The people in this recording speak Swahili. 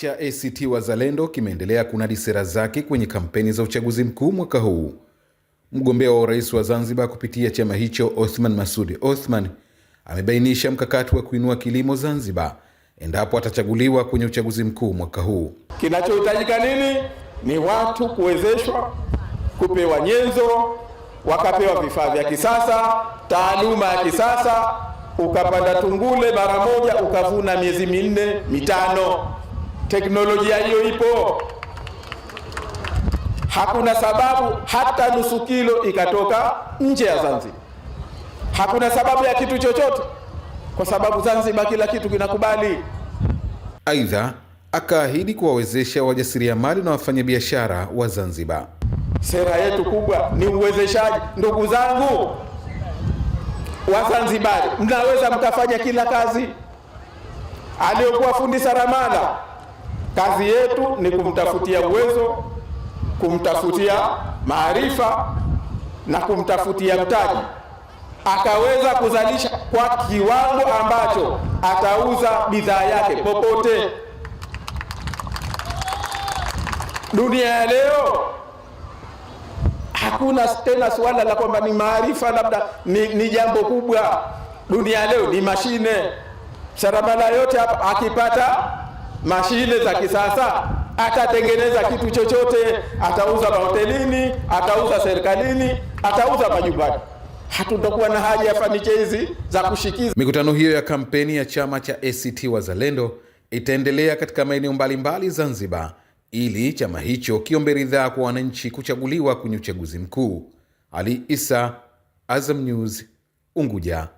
cha ACT Wazalendo kimeendelea kunadi sera zake kwenye kampeni za uchaguzi mkuu mwaka huu. Mgombea wa urais wa Zanzibar kupitia chama hicho Othman Masudi Othman amebainisha mkakati wa kuinua kilimo Zanzibar endapo atachaguliwa kwenye uchaguzi mkuu mwaka huu. Kinachohitajika nini? Ni watu kuwezeshwa, kupewa nyenzo, wakapewa vifaa vya kisasa, taaluma ya kisasa, ukapanda tungule mara moja, ukavuna miezi minne mitano teknolojia hiyo ipo. Hakuna sababu hata nusu kilo ikatoka nje ya Zanzibar, hakuna sababu ya kitu chochote, kwa sababu Zanzibar kila kitu kinakubali. Aidha, akaahidi kuwawezesha wajasiriamali na wafanyabiashara wa Zanzibar. Sera yetu kubwa ni uwezeshaji. Ndugu zangu Wazanzibari, mnaweza mkafanya kila kazi. Aliyokuwa fundi saramala Kazi yetu ni kumtafutia uwezo, kumtafutia maarifa na kumtafutia mtaji, akaweza kuzalisha kwa kiwango ambacho atauza bidhaa yake popote. Dunia ya leo hakuna tena suala la kwamba ni maarifa labda ni, ni jambo kubwa. Dunia leo ni mashine, sarabala yote hapa akipata mashine za kisasa, atatengeneza kitu chochote, atauza mahotelini, atauza serikalini, atauza majumbani. Hatutakuwa na haja ya fanicha hizi za kushikiza. Mikutano hiyo ya kampeni ya chama cha ACT Wazalendo itaendelea katika maeneo mbalimbali Zanzibar ili chama hicho kiombe ridhaa kwa wananchi kuchaguliwa kwenye uchaguzi mkuu. Ali Isa, Azam News, Unguja.